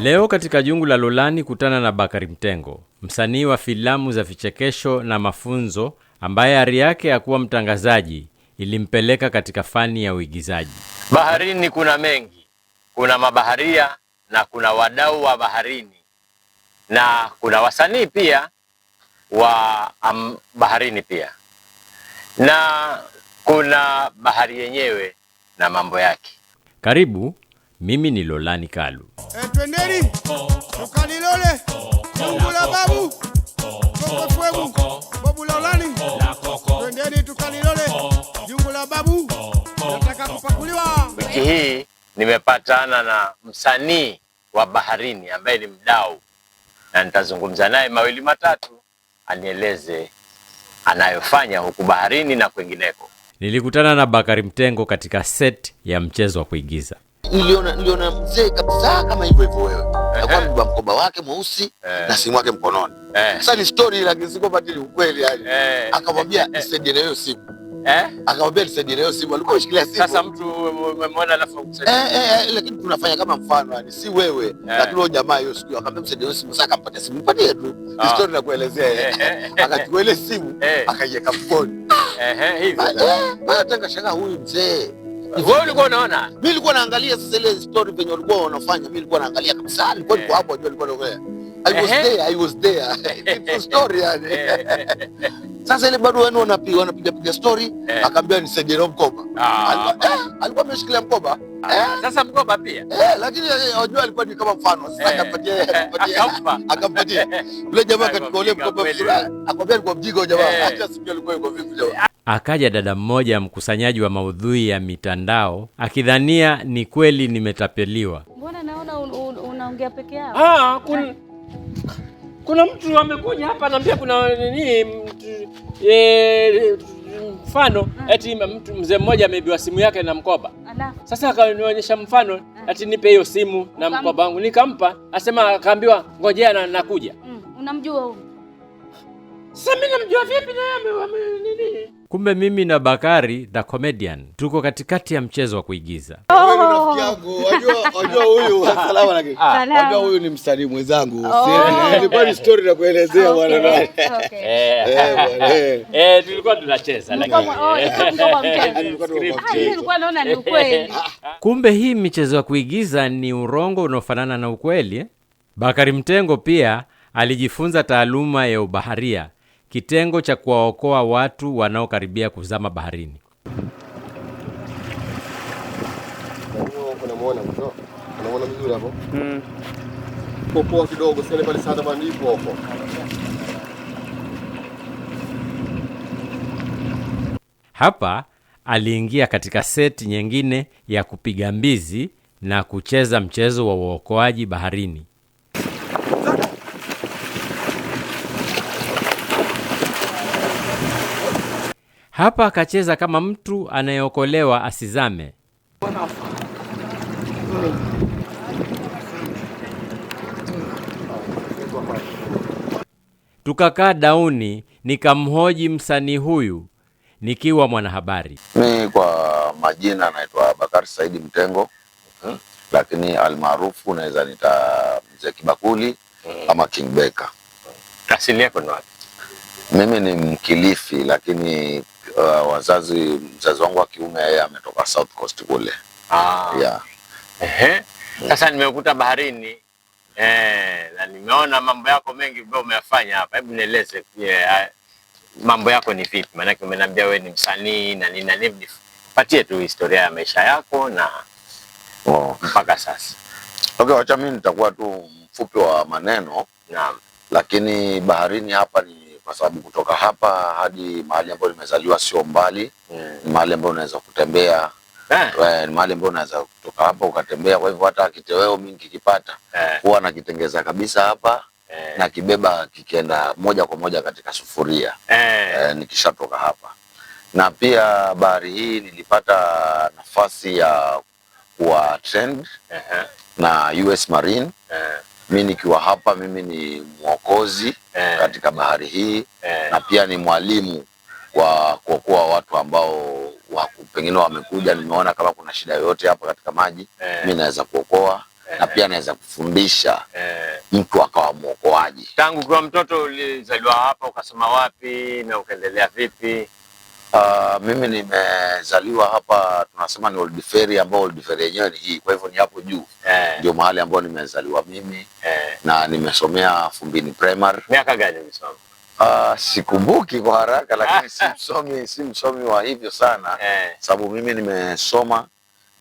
Leo katika Jungu la Lolani kutana na Bakari Mtengo, msanii wa filamu za vichekesho na mafunzo ambaye ari yake ya kuwa mtangazaji ilimpeleka katika fani ya uigizaji. Baharini kuna mengi, kuna mabaharia na kuna wadau wa baharini na kuna wasanii pia wa am, baharini pia na kuna bahari yenyewe na mambo yake. Karibu, mimi ni Lolani Kalu. E, twendeni la babu Oh, oh. twendeni tukalilole oh, jungu la babu, nataka kupakuliwa. Wiki hii nimepatana na msanii wa baharini ambaye ni mdau, na nitazungumza naye mawili matatu, anieleze anayofanya huku baharini na kwingineko. Nilikutana na Bakari Mtengo katika set ya mchezo wa kuigiza. Niliona niliona mzee kabisa kama hivyo hivyo wewe Eh. alikuwa amebeba mkoba wake mweusi eh. na simu yake mkononi. Eh. Sasa ni story, lakini siko kwamba ukweli. Yani akamwambia nisaidie hiyo simu, Eh? akamwambia nisaidie leo simu, alikuwa ameshikilia simu. Sasa mtu umeona, alafu Eh, eh, lakini tunafanya kama mfano, yani si wewe, lakini wao jamaa hiyo siku akamwambia nisaidie leo simu. Sasa akampatia simu, mpatie tu ah. story na kuelezea, akachukua ile simu akaiweka mkononi. Ehe, hivi. bana, tanga shanga huyu mzee wewe ulikuwa unaona? Mimi nilikuwa naangalia sasa ile story venye walikuwa wanafanya. Mimi nilikuwa naangalia kabisa. Nilikuwa niko eh. hapo ndio nilikuwa naangalia. I was there, I was there. It's story yani. Sasa ile bado wenu wanapiga wanapiga piga story, eh. akaambia nisaidie na mkoba. Ah. Eh, alikuwa ameshikilia mkoba. Ah. Sasa mkoba pia. Eh, lakini unajua alikuwa ni kama mfano. Sasa akampatia akampa akampatia. Yule jamaa katika mkoba fulani. Akamwambia alikuwa mjinga jamaa. Acha sijui alikuwa yuko vipi jamaa. Akaja dada mmoja mkusanyaji wa maudhui ya mitandao akidhania ni kweli nimetapeliwa. Mbona naona unaongea un, peke yako? Ah, kun, kuna mtu amekuja hapa anambia kuna nini e, mfano ah. eti mtu mzee mmoja ameibiwa simu yake na mkoba. Ala. Sasa akanionyesha mfano ah. eti nipe hiyo simu na mkoba wangu, nikampa, asema akaambiwa ngojea na nakuja. Mm, unamjua huyo? Sasa mimi namjua vipi na yeye nini? kumbe mimi na Bakari the comedian tuko katikati ya mchezo wa kuigiza. Oh. huyu ah, huyu ni msanii mwenzangu, oh. eh, ni story na kuelezea bwana. Eh, eh, tulikuwa tunacheza naona ni ukweli. Kumbe hii michezo ya kuigiza ni urongo unaofanana na ukweli. Bakari Mtengo pia alijifunza taaluma ya ubaharia kitengo cha kuwaokoa watu wanaokaribia kuzama baharini. Hapa aliingia katika seti nyingine ya kupiga mbizi na kucheza mchezo wa uokoaji baharini. Hapa akacheza kama mtu anayeokolewa asizame. Tukakaa dauni, nikamhoji msanii huyu nikiwa mwanahabari. Mi kwa majina naitwa Bakari Saidi Mtengo hmm? lakini almaarufu naweza nita Mzee Kibakuli hmm. ama King Beka. Asili yako ni wapi? Mimi ni Mkilifi, lakini uh, wazazi, mzazi wangu wa kiume yeye ametoka South Coast kule. Ah. Yeah. Ehe. Sasa nimekuta baharini eh, na nimeona mambo yako mengi ambayo umeyafanya hapa. Hebu nieleze yeah, mambo yako ni vipi? Maanake umeniambia wewe ni msanii na nina nini, patie tu historia ya maisha yako na oh, mpaka sasa. Okay, wacha mimi nitakuwa tu mfupi wa maneno. Naam. Lakini baharini hapa ni kwa sababu kutoka hapa hadi mahali ambapo nimezaliwa sio mbali mm. Ni mahali ambapo unaweza kutembea eh. Ni mahali ambapo unaweza kutoka hapa ukatembea. Kwa hivyo hata kiteweo mimi nikikipata eh. nakitengeza kabisa hapa eh. na kibeba kikienda moja kwa moja katika sufuria eh. Eh, nikishatoka hapa. Na pia bahari hii nilipata nafasi ya kuwa uh -huh. na US Marine -huh. Eh mi nikiwa hapa, mimi ni mwokozi eh, katika bahari hii eh, na pia ni mwalimu kwa kuokoa watu ambao waku, pengine wamekuja, nimeona kama kuna shida yoyote hapa katika maji eh, mi naweza kuokoa eh, na pia naweza kufundisha eh, mtu akawa mwokoaji. Tangu kwa mtoto ulizaliwa hapa, ukasoma wapi na ukaendelea vipi? Uh, mimi nimezaliwa hapa tunasema ni Old Ferry ambao Old Ferry yenyewe ni hii, kwa hivyo ni hapo juu eh, ndio mahali ambao nimezaliwa mimi eh, na nimesomea Fumbini Primary. Miaka gani umesoma? Uh, sikumbuki kwa haraka lakini si msomi, si msomi wa hivyo sana eh, sababu mimi nimesoma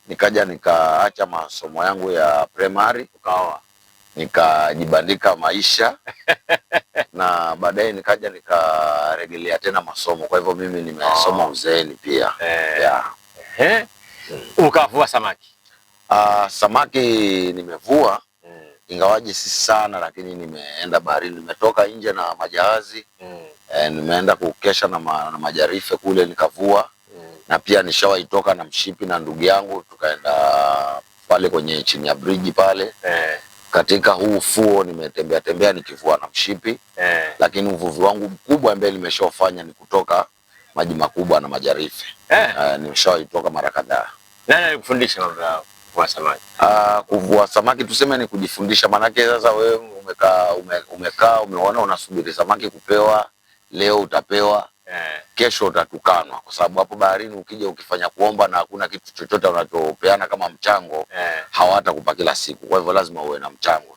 nikaja nikaacha masomo yangu ya primary ukaoa nikajibandika maisha na baadaye nikaja nikaregelea tena masomo. Kwa hivyo mimi nimesoma oh, uzeeni pia eh, yeah. Hmm. Ukavua samaki? Uh, samaki nimevua hmm. ingawaje si sana, lakini nimeenda baharini, nimetoka nje na majahazi hmm. eh, nimeenda kukesha na, ma, na majarife kule nikavua hmm. na pia nishawaitoka na mshipi na ndugu yangu tukaenda pale kwenye chini ya bridge pale eh katika huu fuo nimetembea tembea nikivua na mshipi eh, lakini uvuvi wangu mkubwa ambaye nimeshofanya ni kutoka maji makubwa na majarifi eh. Uh, eh, nimeshaitoka mara kadhaa. Nani alikufundisha mambo kuvua samaki? Uh, kuvua samaki tuseme ni kujifundisha, maanake sasa wewe umekaa umekaa umeona unasubiri samaki kupewa, leo utapewa eh, kesho utatukanwa, kwa sababu hapo baharini ukija ukifanya kuomba na hakuna kitu chochote unachopeana kama mchango eh, hawatakupa kila siku. Kwa hivyo lazima uwe na mchango.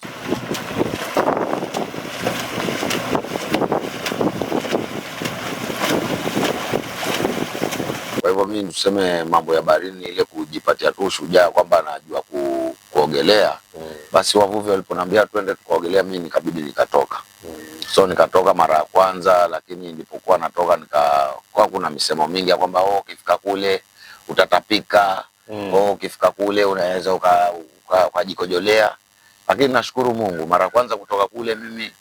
Kwa hivyo mimi tuseme mambo ya baharini ile kujipatia tu ushujaa kwamba anajua ku, kuogelea eh. Basi wavuvi waliponiambia twende tukaogelea, mimi nikabidi nikatoka So nikatoka mara ya kwanza, lakini nilipokuwa natoka nika kwa kuna misemo mingi ya kwamba oh, ukifika kule utatapika mm. oh, ukifika kule unaweza ukajikojolea uka, uka, lakini nashukuru Mungu mara ya kwanza kutoka kule mimi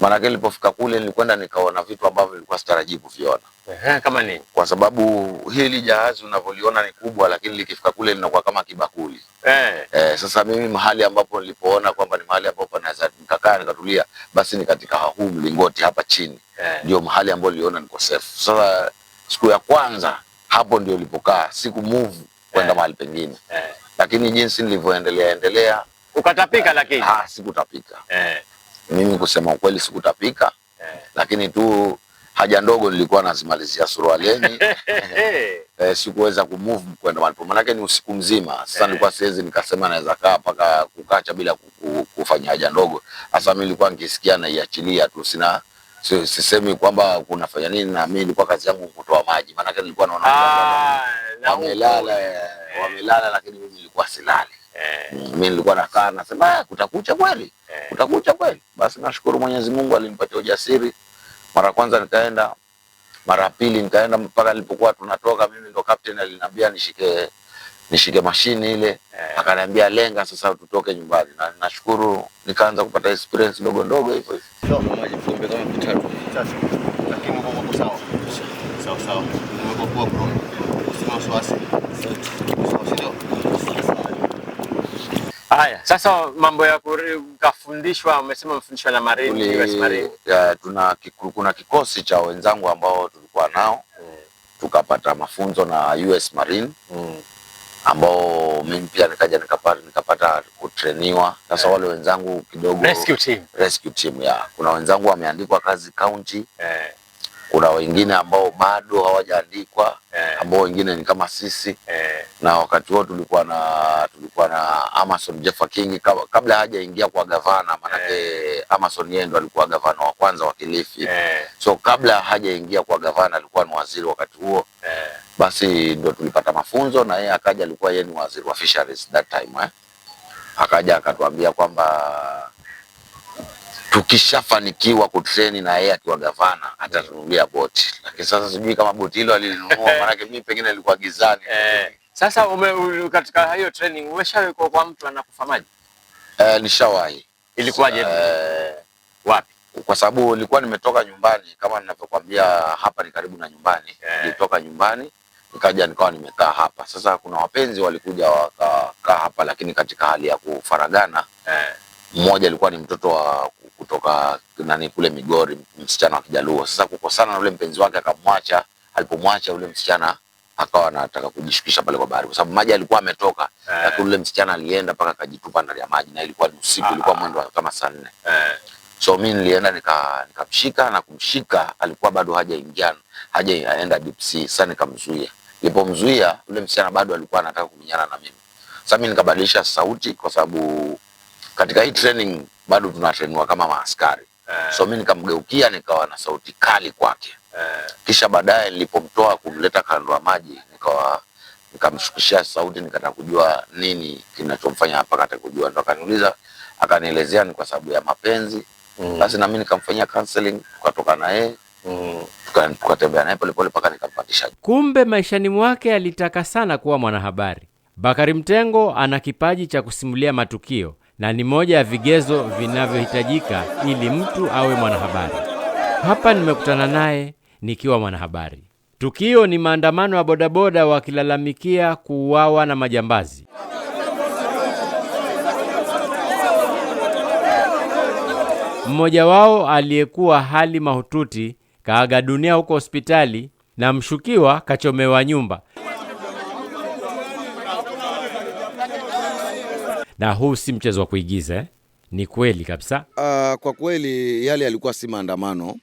Maanake nilipofika kule nilikwenda nikaona vitu ambavyo nilikuwa sitarajii kuviona. Ehe, kama nini? Kwa sababu hili jahazi unavyoliona ni kubwa, lakini likifika kule linakuwa kama kibakuli. Eh. Eh, sasa mimi mahali ambapo nilipoona kwamba ni mahali ambapo naweza nikakaa nikatulia, basi ni katika huu mlingoti hapa chini. Eh. Ndio mahali ambapo niliona niko safe. Sasa siku ya kwanza hapo ndio nilipokaa, siku move kwenda eh, mahali pengine. Eh. Lakini jinsi nilivyoendelea endelea, ukatapika lakini. Ah, sikutapika. Eh mimi kusema ukweli sikutapika yeah. lakini tu haja ndogo nilikuwa nazimalizia Surualeni eh, sikuweza kumove kwenda malipo, manake ni usiku mzima sasa. Eh, nilikuwa siwezi nikasema naweza kaa paka kukacha bila kufanya haja ndogo. Sasa mimi nilikuwa nikisikia naiachilia tu, sina sisemi kwamba kunafanya nini, na mimi nilikuwa kazi yangu kutoa maji, maanake nilikuwa naona ah, wamelala eh, wamelala, lakini mimi nilikuwa silali Eh. Mimi nilikuwa nakaa nasema ah, kutakucha kweli. Eh. Kutakucha kweli. Basi nashukuru Mwenyezi Mungu alinipatia ujasiri. Mara kwanza nikaenda, mara pili nikaenda mpaka nilipokuwa tunatoka mimi ndo captain aliniambia nishike nishike mashini ile. Eh. Akaniambia lenga sasa tutoke nyumbani. Na nashukuru nikaanza kupata experience ndogo ndogo hivyo hivyo. kama Sasa lakini sawa. Sawa sawa. Sio. Haya, sasa mambo ya kafundishwa, umesema mfundishwa na Marine, US Marine. Ya, tuna kuna kikosi cha wenzangu ambao tulikuwa nao mm. tukapata mafunzo na US Marine mm. ambao mimi pia nikaja nikapata, nikapata kutreniwa sasa yeah. wale wenzangu kidogo rescue team. Rescue team ya kuna wenzangu wameandikwa kazi county yeah kuna wengine ambao bado hawajaandikwa eh, ambao wengine ni kama sisi eh. Na wakati huo tulikuwa na tulikuwa na Amason Jeffer King kabla hajaingia kwa gavana maanake eh, Amason yeye ndo alikuwa gavana wa kwanza wa Kilifi eh. So kabla hajaingia kwa gavana alikuwa ni waziri wakati huo eh. Basi ndo tulipata mafunzo na yeye akaja, alikuwa yeye ni waziri wa fisheries that time eh. Akaja akatuambia kwamba tukishafanikiwa kutreni na yeye akiwa gavana atanunulia boti, lakini sasa sijui kama boti hilo alilinunua, maanake mimi pengine nilikuwa gizani. Eh, sasa ume, katika hiyo training umeshawahi kwa mtu anakufa maji? Eh, nishawahi. Ilikuwaje? Eh, wapi? Kwa sababu nilikuwa nimetoka nyumbani kama ninavyokwambia, hapa ni karibu na nyumbani. Eh. Nilitoka nyumbani nikaja nikawa nimekaa hapa. Sasa kuna wapenzi walikuja wakakaa hapa, lakini katika hali ya kufaragana eh, mmoja alikuwa ni mtoto wa kutoka nani kule Migori, msichana wa Kijaluo. Sasa kukosana na yule mpenzi wake akamwacha, alipomwacha yule msichana akawa anataka kujishukisha pale kwa bahari kwa sababu maji alikuwa ametoka, eh. lakini yule msichana alienda mpaka akajitupa ndani ya maji, na ilikuwa usiku, ah. ilikuwa mwendo kama saa nne. eh. So mimi nilienda nikamshika nika na kumshika, alikuwa bado hajaingia hajaenda deep sea. Sasa nikamzuia, nilipomzuia yule msichana bado alikuwa anataka kuminyana na mimi. Sasa mimi nikabadilisha sauti kwa sababu katika hii training bado tunatrainiwa kama maaskari eh. So mi nikamgeukia nikawa na sauti kali kwake eh. Kisha baadaye nilipomtoa kumleta kando ya maji nikawa nikamshukishia sauti nikataka kujua nini kinachomfanya hapa, kataka kujua ndo akaniuliza, akanielezea ni kwa sababu ya mapenzi mm. basi mm. na mimi nikamfanyia counseling tukatoka na yeye mm. tukatembea naye polepole mpaka nikampatisha. Kumbe maishani mwake alitaka sana kuwa mwanahabari. Bakari Mtengo ana kipaji cha kusimulia matukio na ni moja ya vigezo vinavyohitajika ili mtu awe mwanahabari. Hapa nimekutana naye nikiwa mwanahabari. Tukio ni maandamano ya bodaboda wakilalamikia kuuawa na majambazi. Mmoja wao aliyekuwa hali mahututi kaaga dunia huko hospitali na mshukiwa kachomewa nyumba na huu si mchezo wa kuigiza eh? Ni kweli kabisa. Uh, kwa kweli yale yalikuwa si maandamano.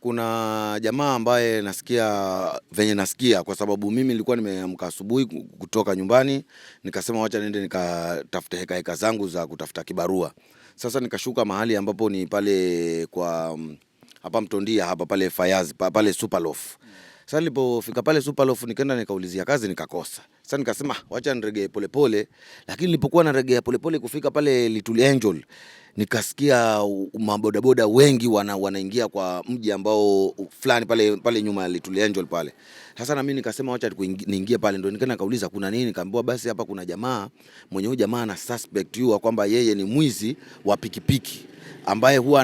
Kuna jamaa ambaye nasikia venye nasikia, kwa sababu mimi nilikuwa nimeamka asubuhi kutoka nyumbani, nikasema wacha niende nikatafute heka heka zangu za kutafuta kibarua. Sasa nikashuka mahali ambapo ni pale kwa mm, hapa Mtondia hapa pale Fayazi pale superlof Sasa nilipofika pale superlof nikaenda nikaulizia kazi nikakosa. Sasa nikasema wacha niregee polepole, lakini nilipokuwa naregea polepole kufika pale Little Angel nikasikia mabodaboda wengi wana, wanaingia kwa mji ambao fulani pale pale nyuma ya Little Angel pale. Sasa na mimi nikasema wacha niingie pale, ndio nikaenda kauliza kuna nini, kaambiwa basi hapa kuna jamaa mwenye huyu jamaa ana suspect yua kwamba yeye ni mwizi wa pikipiki ambaye huwa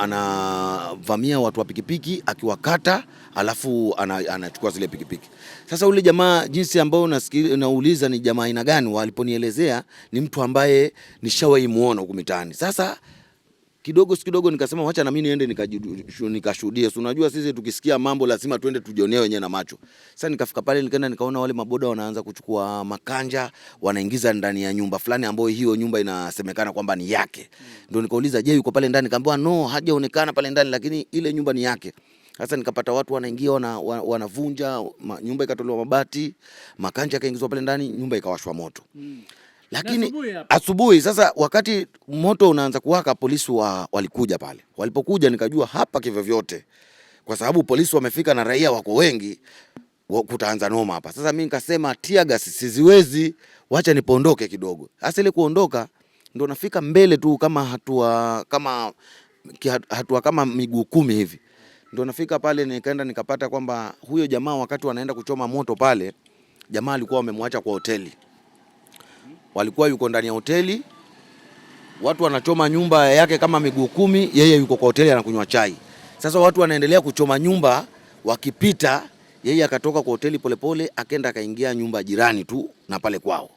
anavamia watu wa pikipiki akiwakata, alafu anachukua ana zile pikipiki. Sasa ule jamaa jinsi ambao nasikia nauliza ni jamaa aina gani, waliponielezea ni mtu ambaye nishawahi muona huko mitaani. Sasa kidogo si kidogo, nikasema wacha na mimi niende nikashuhudie. Si unajua sisi tukisikia mambo lazima tuende tujionee wenyewe na macho. Sasa nikafika pale, nikaenda nikaona wale maboda wanaanza kuchukua makanja, wanaingiza ndani ya nyumba fulani ambayo hiyo nyumba inasemekana kwamba ni yake. Ndio nikauliza, je, yuko pale ndani? Kaambiwa no, hajaonekana pale ndani, lakini ile nyumba ni yake. Sasa nikapata watu wanaingia wana, wanavunja ma, nyumba ikatolewa mabati, makanja yakaingizwa pale ndani, nyumba ikawashwa moto mm. Lakini asubuhi sasa, wakati moto unaanza kuwaka, polisi wa, walikuja pale. Walipokuja nikajua hapa kivyo vyote, kwa sababu polisi wamefika na raia wako wengi, kutaanza noma hapa. Sasa mimi nikasema tia gas, siziwezi, wacha nipondoke kidogo. Sasa ile kuondoka ndo nafika mbele tu kama hatua kama hatua kama miguu kumi hivi ndo nafika pale nikaenda nikapata kwamba huyo jamaa wakati wanaenda kuchoma moto pale, jamaa alikuwa wamemwacha kwa hoteli, walikuwa yuko ndani ya hoteli, watu wanachoma nyumba yake kama miguu kumi, yeye yuko kwa hoteli anakunywa chai. Sasa watu wanaendelea kuchoma nyumba wakipita, yeye akatoka kwa hoteli polepole, akaenda akaingia nyumba jirani tu na pale kwao.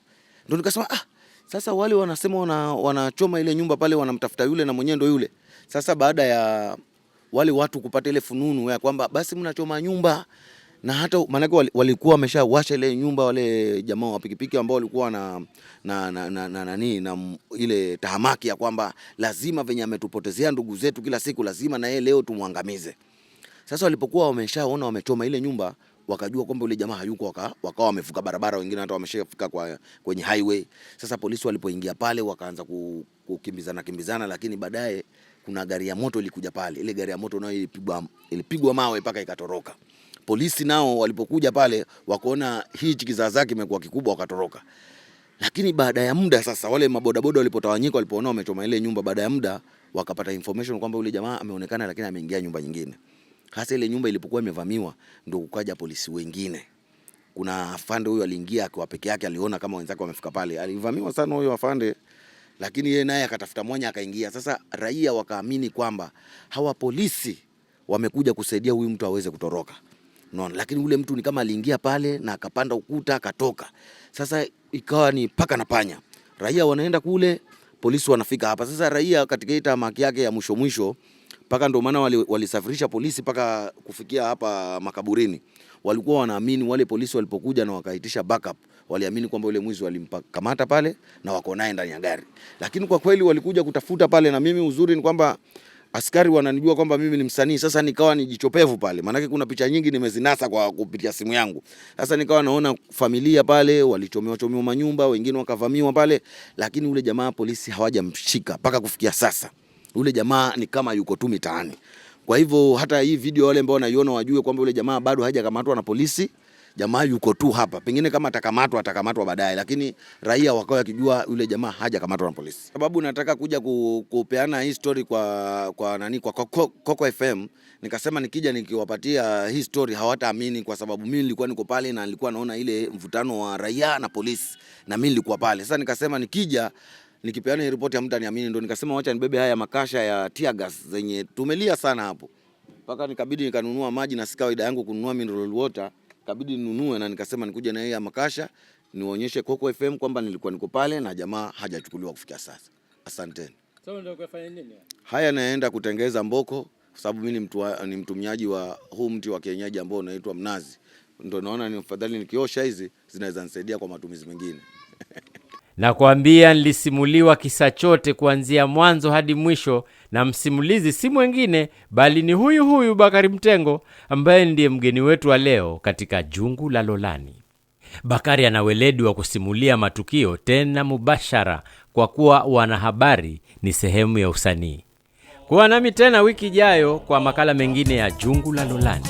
ndo nikasema ah, sasa wale wanasema wanachoma wana ile nyumba pale, wanamtafuta yule na mwenyewe ndo yule. Sasa baada ya wale watu kupata ile fununu ya kwamba basi mnachoma nyumba na hata maanake walikuwa wameshawasha ile nyumba wale jamaa wa pikipiki ambao walikuwa na na na, na, na, na, na na ile tahamaki ya kwamba lazima venye ametupotezea ndugu zetu kila siku, lazima na yeye leo tumwangamize. Sasa walipokuwa wameshaona wamechoma ile nyumba, wakajua kwamba yule jamaa hayuko, waka, wakawa wamefuka barabara, wengine hata wameshafika kwa kwenye highway. Sasa polisi walipoingia pale wakaanza kukimbizana kimbizana, lakini baadaye kuna gari ya moto ilikuja pale, ile gari ya moto nayo ilipigwa ilipigwa mawe mpaka ikatoroka. Polisi nao walipokuja pale wakaona hichi kizaazaa kimekuwa kikubwa, wakatoroka. Lakini baada ya muda sasa, wale mabodaboda walipotawanyika, walipoona wamechoma ile nyumba, baada ya muda wakapata information kwamba yule jamaa ameonekana, lakini ameingia nyumba nyingine. Hasa ile nyumba ilipokuwa imevamiwa, ndio kukaja polisi wengine. Kuna afande huyo aliingia akiwa peke yake, aliona kama wenzake wamefika pale, alivamiwa sana huyo afande lakini yeye naye akatafuta mwanya akaingia. Sasa raia wakaamini kwamba hawa polisi wamekuja kusaidia huyu mtu aweze kutoroka. Unaona, lakini ule mtu ni kama aliingia pale na akapanda ukuta akatoka. Sasa ikawa ni paka na panya, raia wanaenda kule, polisi wanafika hapa. Sasa raia katika ile tamaki yake ya mwisho mwisho, paka ndio maana walisafirisha wali polisi paka kufikia hapa makaburini. Walikuwa wanaamini wale polisi walipokuja na wakaitisha backup waliamini kwamba yule mwizi walimkamata pale na wako naye ndani ya gari, lakini kwa kweli walikuja kutafuta pale, na mimi uzuri ni kwamba askari wananijua kwamba mimi ni msanii. Sasa nikawa nijichopevu pale, maanake kuna picha nyingi nimezinasa kwa kupitia simu yangu. Sasa nikawa naona familia pale walichomewa chomewa manyumba, wengine wakavamiwa pale, lakini ule jamaa polisi hawajamshika mpaka kufikia sasa. Ule jamaa ni kama yuko tu mitaani. Kwa hivyo hata hii video wale ambao wanaiona wajue kwamba ule jamaa bado hajakamatwa na polisi jamaa yuko tu hapa, pengine kama atakamatwa atakamatwa baadaye, lakini raia wakawa akijua yule jamaa hajakamatwa na polisi. Sababu nataka kuja ku, kupeana hii story kwa kwa nani kwa Coco, Coco FM, nikasema nikija nikiwapatia hii story hawataamini, kwa sababu mimi nilikuwa niko pale na nilikuwa naona ile mvutano wa raia na polisi, na mimi nilikuwa pale. Sasa nikasema nikija nikipeana hii ripoti hamtaniamini, ndo nikasema wacha nibebe haya makasha ya tear gas zenye tumelia sana hapo, mpaka nikabidi nikanunua maji na si kawaida yangu kununua mineral water kabidi ninunue, na nikasema nikuja na yeye makasha nionyeshe Coco FM kwamba nilikuwa niko pale na jamaa hajachukuliwa kufikia sasa. Asanteni. So, ndio kufanya nini? Haya, naenda kutengeza mboko kwa sababu mimi mtu ni mtumiaji wa huu mti wa kienyeji ambao unaitwa mnazi. Ndio naona ni mfadhali nikiosha hizi zinaweza nisaidia kwa matumizi mengine. Nakwambia nilisimuliwa kisa chote kuanzia mwanzo hadi mwisho na msimulizi si mwingine bali ni huyu huyu Bakari Mtengo ambaye ndiye mgeni wetu wa leo katika Jungu la Lolani. Bakari ana weledi wa kusimulia matukio tena mubashara, kwa kuwa wanahabari ni sehemu ya usanii. Kuwa nami tena wiki ijayo kwa makala mengine ya Jungu la Lolani.